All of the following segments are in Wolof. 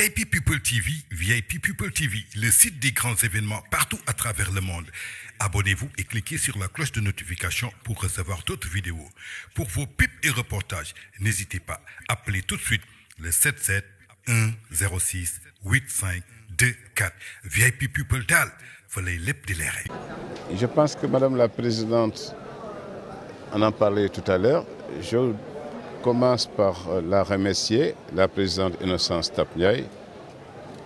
VIP People TV, VIP People TV, le site des grands événements partout à travers le monde. Abonnez-vous et cliquez sur la cloche de notification pour recevoir d'autres vidéos. Pour vos pipes et reportages, n'hésitez pas, appelez tout de suite le 77 106 8524 VIP People DAL, Je pense que Madame la Présidente en a parlé tout à l'heure. Je commence par euh, la remercier, la présidente Innocence Tapniaï,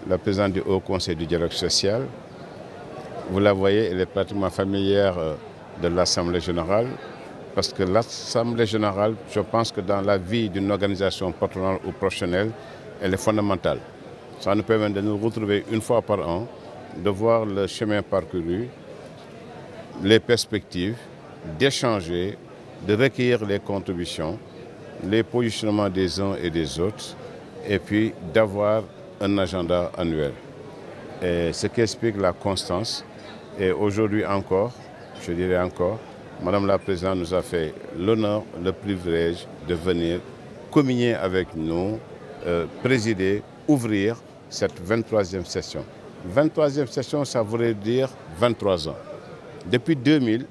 la présidente du Haut Conseil du dialogue social. Vous la voyez, elle est pratiquement familière euh, de l'Assemblée générale, parce que l'Assemblée générale, je pense que dans la vie d'une organisation patronale ou professionnelle, elle est fondamentale. Ça nous permet de nous retrouver une fois par an, de voir le chemin parcouru, les perspectives, d'échanger, de recueillir les contributions les positionnements des uns et des autres, et puis d'avoir un agenda annuel. Et ce qui explique la constance. Et aujourd'hui encore, je dirais encore, Madame la Présidente nous a fait l'honneur, le privilège de venir communier avec nous, euh, présider, ouvrir cette 23e session. 23e session, ça voudrait dire 23 ans. Depuis 2000,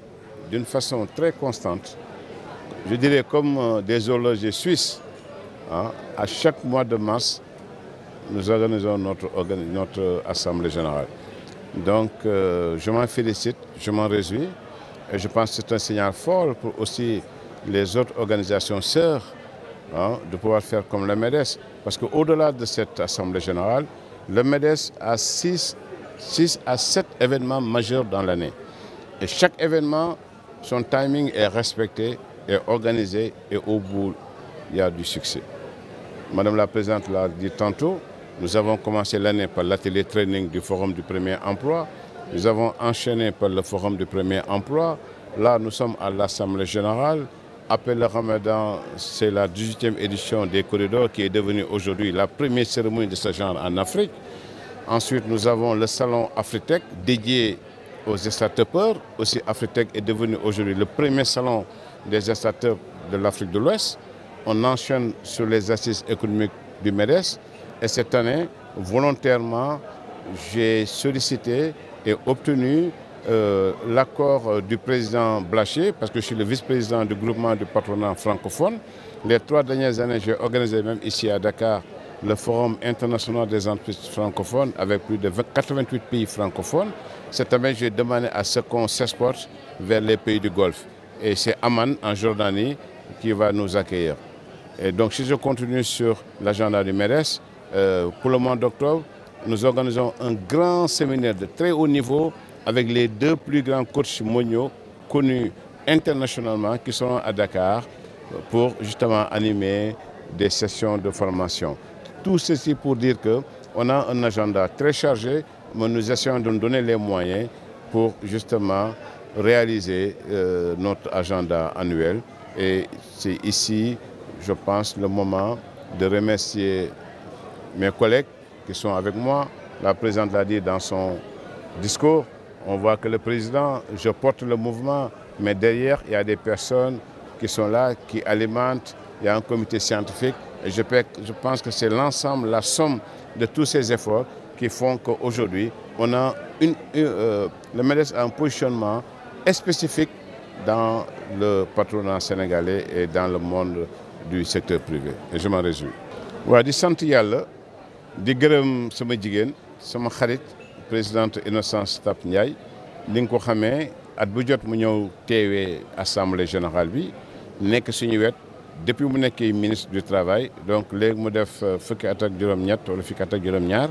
d'une façon très constante, je dirais comme euh, des horlogers suisses, hein, à chaque mois de mars, nous organisons notre, euh, Assemblée générale. Donc euh, je m'en félicite, je m'en réjouis. Et je pense que c'est un signal fort pour aussi les autres organisations sœurs hein, de pouvoir faire comme le MEDES. Parce qu'au-delà de cette Assemblée générale, le MEDES a 6, 6 à 7 événements majeurs dans l'année. Et chaque événement, son timing est respecté est organisée et au bout, il y a du succès. Madame la Présidente l'a dit tantôt, nous avons commencé l'année par l'atelier training du Forum du Premier Emploi. Nous avons enchaîné par le Forum du Premier Emploi. Là, nous sommes à l'Assemblée Générale. Après le Ramadan, c'est la 18e édition des Corridors qui est devenue aujourd'hui la première cérémonie de ce genre en Afrique. Ensuite, nous avons le Salon Afritech dédié aux start-upers. Aussi, Afritech est devenu aujourd'hui le premier salon des instateurs de l'Afrique de l'Ouest. On enchaîne sur les assises économiques du MEDES. Et cette année, volontairement, j'ai sollicité et obtenu euh, l'accord euh, du président Blaché, parce que je suis le vice-président du groupement du patronat francophone. Les trois dernières années, j'ai organisé même ici à Dakar le Forum international des entreprises francophones avec plus de 88 pays francophones. Cette année, j'ai demandé à ce qu'on s'exporte vers les pays du Golfe et c'est Amman en Jordanie qui va nous accueillir. Et donc si je continue sur l'agenda du MERES, euh, pour le mois d'octobre, nous organisons un grand séminaire de très haut niveau avec les deux plus grands coachs moniaux connus internationalement qui seront à Dakar pour justement animer des sessions de formation. Tout ceci pour dire qu'on a un agenda très chargé, mais nous essayons de nous donner les moyens pour justement réaliser euh, notre agenda annuel. Et c'est ici, je pense, le moment de remercier mes collègues qui sont avec moi. La présidente l'a dit dans son discours. On voit que le président, je porte le mouvement, mais derrière, il y a des personnes qui sont là, qui alimentent. Il y a un comité scientifique. je, pense que c'est l'ensemble, la somme de tous ces efforts qui font qu'aujourd'hui, on a une, euh, le a un positionnement spécifique dans le patronat sénégalais et dans le monde du secteur privé et je m'en réjouis. waaw di sant yàlla di gërëm sama jigéen sama xarit présidente Innocence Tap Ndiaye ni nga ko xamee at bu jot mu ñëw assemblée générale bi Nek suñu wet depuis mu nekkee ministre du travail donc léegi mu def euh, fukki at ak juróom-ñett wala fukki at ak juróom-ñaar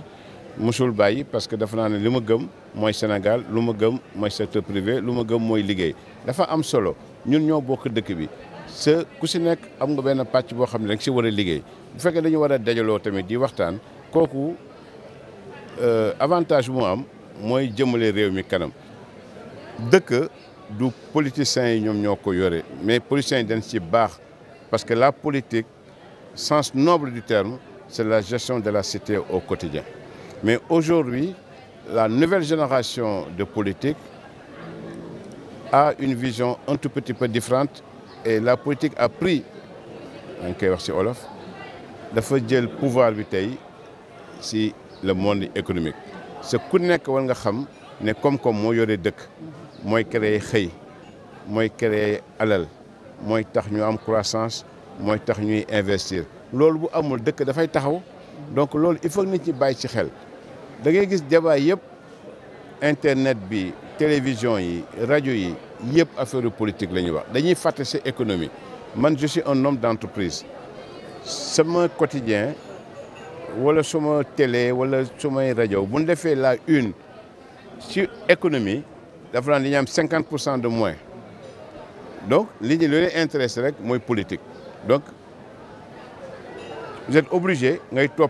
musul bàyyi parce que dafa naa lima gëm mooy Sénégal lu ma gëm mooy secteur privé lu ma gëm mooy liggéey dafa am solo ñun ñoo bokk dëkk bi sa ku si nekk am nga benn pàcc boo xam ne rek si war a liggéey bu fekkee dañu war a dajaloo tamit di waxtaan kooku euh, avantage bu mu am mooy jëmale réew mi kanam dëkk du politicien yi ñoom ñoo ko yore mais politicien yi dañ ci baax parce que la politique sens noble du terme c'est la gestion de la cité au quotidien mais aujourd'hui, la nouvelle génération de politique a une vision un tout petit peu différente et la politique a pris, merci Olaf, pouvoir de le monde économique. Ce que ku créer des créer alal croissance ce investir loolu bu donc il faut nit da ngay gis débat sur internet bi télévision yi radio yi yëpp affaire politique la ñuy wax dañuy fàtte économie man je suis un homme d'entreprise sama quotidien wala suma télé wala sumay radio bu ñu defee la une sur économie dafa avez 50% de moins donc li ñu leen intéresse, rek mooy politique donc vous êtes obligé ngay peu,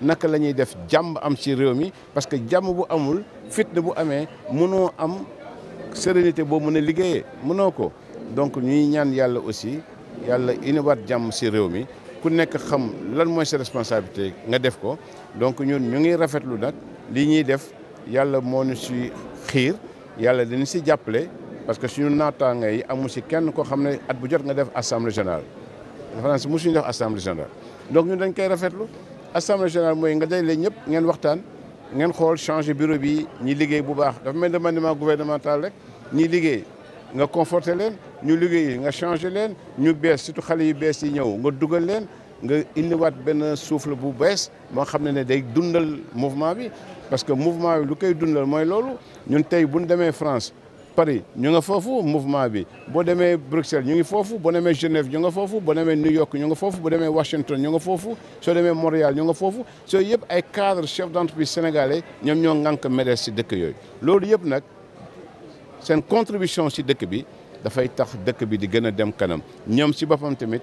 naka lañuy def des am ci parce que bu amul fitna bu avons mënoo am sérénité boo mën a ko donc ñuy ñaan yàlla aussi yàlla fait jàmm ci réew ku nekk xam lan mooy sa responsabilité nga def ko donc ñun ñu ngi rafetlu nag li ñuy def yàlla moo ci xiir yàlla parce que suñu nous kenn ne at bu jot nga assemblée générale def assemblée générale donc ñun dañ L'Assemblée générale vous nga dajale ñëpp ngeen waxtaan changer bureau bi ñi liggéey bu baax dafa mel ne gouvernemental nous ñi liggéey nga conforter nous ñu liggéey nga changer leen ñu nous souffle bu ne ne day mouvement parce que mouvement nous lu koy dundal France Paris ñu nga foofu mouvement bi boo demee Bruxelles ñu ngi foofu boo demee Genève ñu nga foofu boo demee New York ñu nga foofu boo demee Washington ñu nga foofu soo demee Montréal ñu nga foofu soo yëpp ay cadre chef d'entreprise sénégalais ñoom ñoo ngànk MEDES si dëkk yooyu loolu yëpp nag seen contribution si dëkk bi dafay tax dëkk bi di gën a dem kanam ñoom si boppam tamit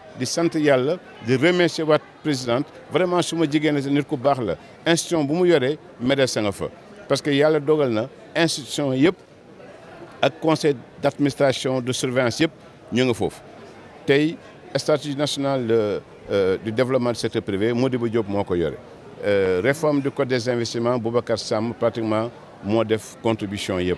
di sante yalla de remercier votre présidente vraiment suma ma jigéen nit ku bax la institution bu mu yoree médecin nga fa parce que yalla dogal na institution yep ak conseil d'administration de surveillance yep ñu nga stratégie stratégie nationale euh, du développement du secteur privé Modibo Diop moko yoré euh, réforme du code des investissements Boubacar Sam pratiquement mo def contribution yep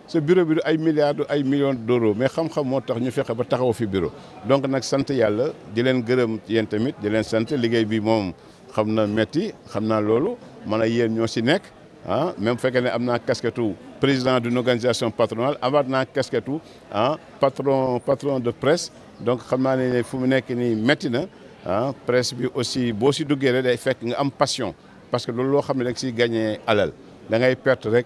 ce bureau bi du ay milliards ay millions d'euros mais xam-xam moo tax ñu fexé ba taxaw fi bureau donc nak sante yalla di len gëreum yeen tamit di len sante liggéey bi mom xamna metti xamna lolu naa loolu man a yéen ñoo si nekk ah même bu fekkee ne casquette président d'une organisation patronale amaat naa casquette hein patron patron de presse donc xamna naa ne fu mu nekk nii métti na hein presse bi aussi bo ci duggé rek day fekk nga am passion parce que lolu lo xamné ne da gagner, alal da ngay rek.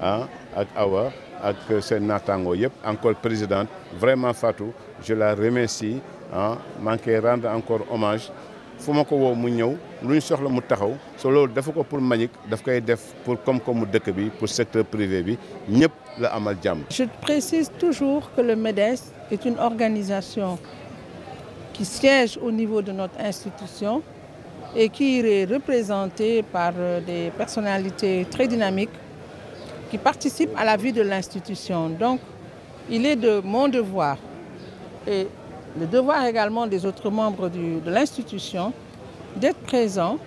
ah ak Awa ak seen naataango encore présidente vraiment Fatou je la remercie hein, maa rendre encore hommage fu ma ko woo mu ñëw lu ñu soxla mu taxaw so loolu dafa ko pour Mbagnick daf koy def pour comme comme dëkk bi pour secteur privé bi ñëpp la amal jam. Je précise toujours que le MEDES est une organisation qui siège au niveau de notre institution et qui est représentée par euh, des personnalités très dynamiques qui participent à la vie de l'institution. Donc, il est de mon devoir et le devoir également des autres membres de l'institution d'être présent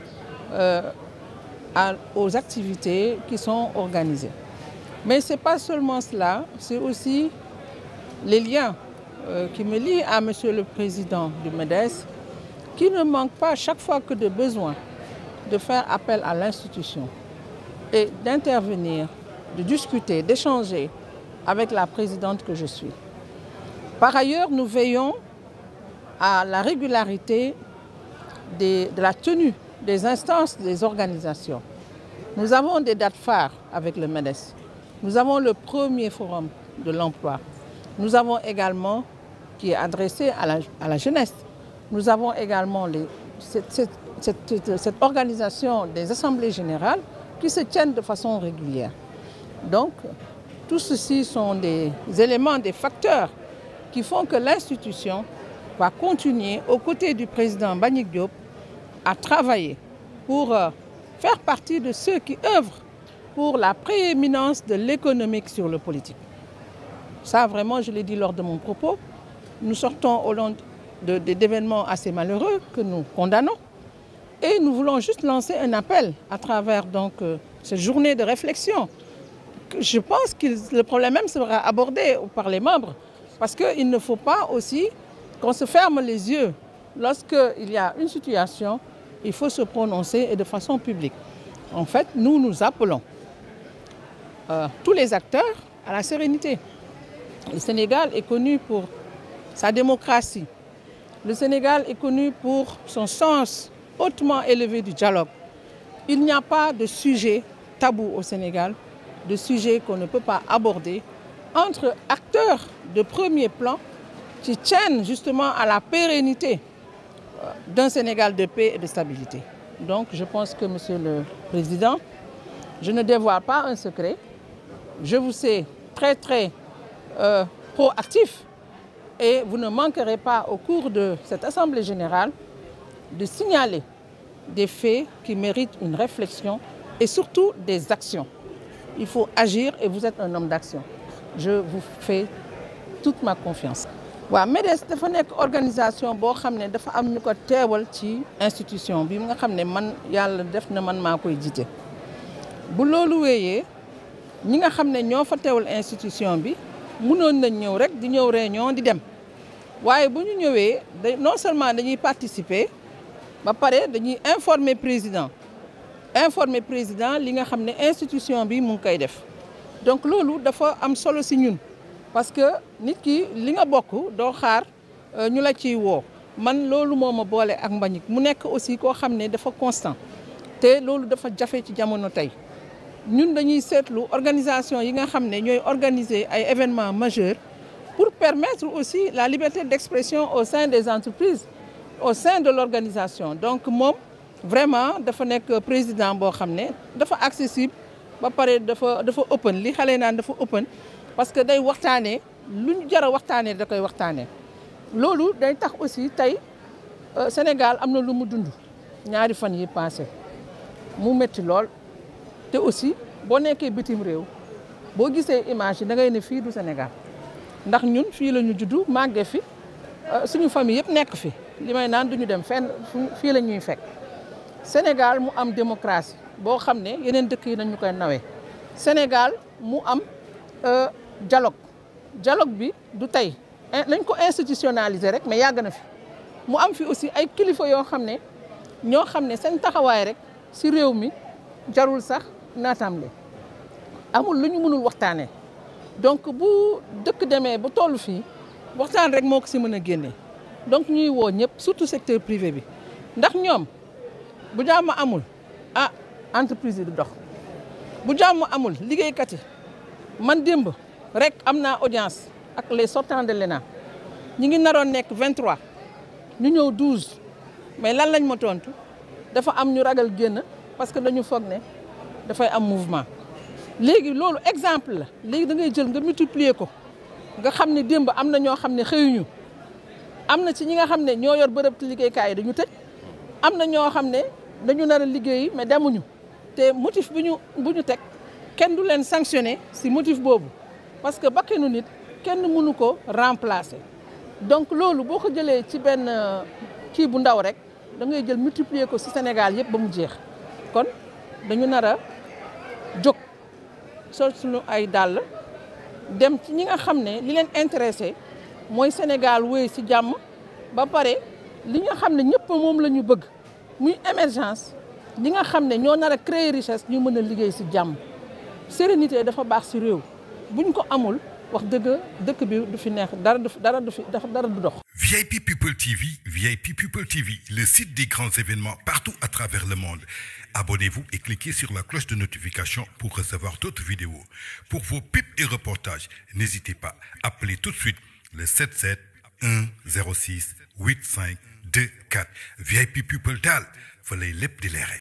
euh, aux activités qui sont organisées. Mais ce n'est pas seulement cela, c'est aussi les liens euh, qui me lient à Monsieur le Président du MEDES, qui ne manque pas chaque fois que de besoin de faire appel à l'institution et d'intervenir de discuter, d'échanger avec la présidente que je suis. Par ailleurs, nous veillons à la régularité de la tenue des instances des organisations. Nous avons des dates phares avec le MEDES. Nous avons le premier forum de l'emploi. Nous avons également, qui est adressé à la, jeunesse, nous avons également cette organisation des assemblées générales qui se tiennent de façon régulière. Donc, tout ceci sont des éléments, des facteurs qui font que l'institution va continuer aux côtés du président Banik Diop à travailler pour euh, faire partie de ceux qui œuvrent pour la prééminence de l'économique sur le politique. Ça, vraiment, je l'ai dit lors de mon propos, nous sortons au long d'événements assez malheureux que nous condamnons et nous voulons juste lancer un appel à travers donc, euh, cette journée de réflexion je pense que le problème même sera abordé par les membres. Parce qu'il ne faut pas aussi qu'on se ferme les yeux. Lorsqu'il y a une situation, il faut se prononcer et de façon publique. En fait, nous, nous appelons euh, tous les acteurs à la sérénité. Le Sénégal est connu pour sa démocratie. Le Sénégal est connu pour son sens hautement élevé du dialogue. Il n'y a pas de sujet tabou au Sénégal de sujets qu'on ne peut pas aborder entre acteurs de premier plan qui tiennent justement à la pérennité euh, d'un Sénégal de paix et de stabilité. Donc je pense que, Monsieur le Président, je ne dévoile pas un secret. Je vous sais très très euh, proactif et vous ne manquerez pas au cours de cette Assemblée générale de signaler des faits qui méritent une réflexion et surtout des actions il faut agir et vous êtes un homme d'action. Je vous fais toute ma confiance. Wa MEDES dafa nekk organisation bo xamné dafa am ñuko téwal ci institution bi nga xamné man Yalla def na man maa jité. bu lolu wéyé ñi nga xamné ño fa teewal institution bi mënon na ñëw rek di ñëw réunion di dem Waye bu ñu non seulement dañuy participer ba paré dañuy informer président informer président li nga institution bi mu donc loolu dafa am solo parce que nit ki li nga bokk doo xaar euh, ñu la man lolu moma bolé ak mu aussi ko xamné dafa constant te lolu dafa jafé ci jamono tay ñun dañuy seetlu organisation yi nga xamné ñoy organiser ay événements majeurs pour permettre aussi la liberté d'expression au sein des entreprises au sein de l'organisation donc mom vraiment dafa nek président bo xamné dafa accessible ba paré dafa dafa open li xalé nan dafa open parce que day waxtané luñu jara waxtané da koy waxtané loolu day tax aussi tey euh, Sénégal amna lu mu dund ñaari fan yi passé mu metti lol té aussi bo néké bitim réew bo gissé image da ngay né fi du Sénégal ndax ñun fi lañu juddou juddu màggee fi euh, suñu famille yépp nek fi limay nan duñu dem fenn fii la ñuy fekk Sénégal mu am démocratie boo xam ne yeneen dëkk yi nañu koy nawee Sénégal mu am euh, dialogue dialogue bi du tey nañ ko institutionnaliser rek mais yàgg na fi mu am fi aussi ay kilifa yoo xam ne ñoo xam ne seen taxawaay rek si réew mi jarul sax naatamle amul lu ñu mënul waxtaanee donc bu dëkk demee bu tollu fii waxtaan rek moo ko si mën a génne donc ñuy woo ñëpp surtout secteur privé bi ndax ñoom bu jàmm amul ah entreprise yi du dox bu jàmm amul liggéeykat yi man démb rek am naa audience ak les sortants de l'ENA ñi ngi naroon nekk 23 ñu ñëw 12 mais lan lañ ma tontu dafa am ñu ragal génn parce que dañu foog ne dafay am mouvement. léegi loolu exemple la léegi da ngay jël nga multiplier ko nga xam ne démb am na ñoo xam ne xëyuñu am na ci ñi nga xam ne ñoo yor bërëb liggéeykaay yi dañu tëj am na ñoo xam ne. dañu nar a liggéey mais demuñu te motif bu ñu bu ñu teg kenn du leen sanctionné si motif boobu parce que bakkanu nit kenn mënu ko remplacer donc loolu boo ko jëlee ci benn euh, kii bu ndaw rek da ngay jël multiplier ko si Sénégal yëpp ba mu jeex kon dañu nar a jóg sol suñu ay dàll dem ci ñi nga xam ne li leen intéressé mooy Sénégal wéy si jàmm ba pare li nga xam ne ñëpp moom la ñu bëgg muy émergence Nous nga créé ne créer richesse ñu mën a liggéey ci sérénité dafa baax ci réew buñ ko amul wax bi du fi neex dara dara du fi VIP People TV VIP People TV le site des grands événements partout à travers le monde abonnez-vous et cliquez sur la cloche de notification pour recevoir d'autres vidéos pour vos pips et reportages n'hésitez pas appelez tout de suite le 77 106 85. deux quatre VIP people daal fa lay lépp di leere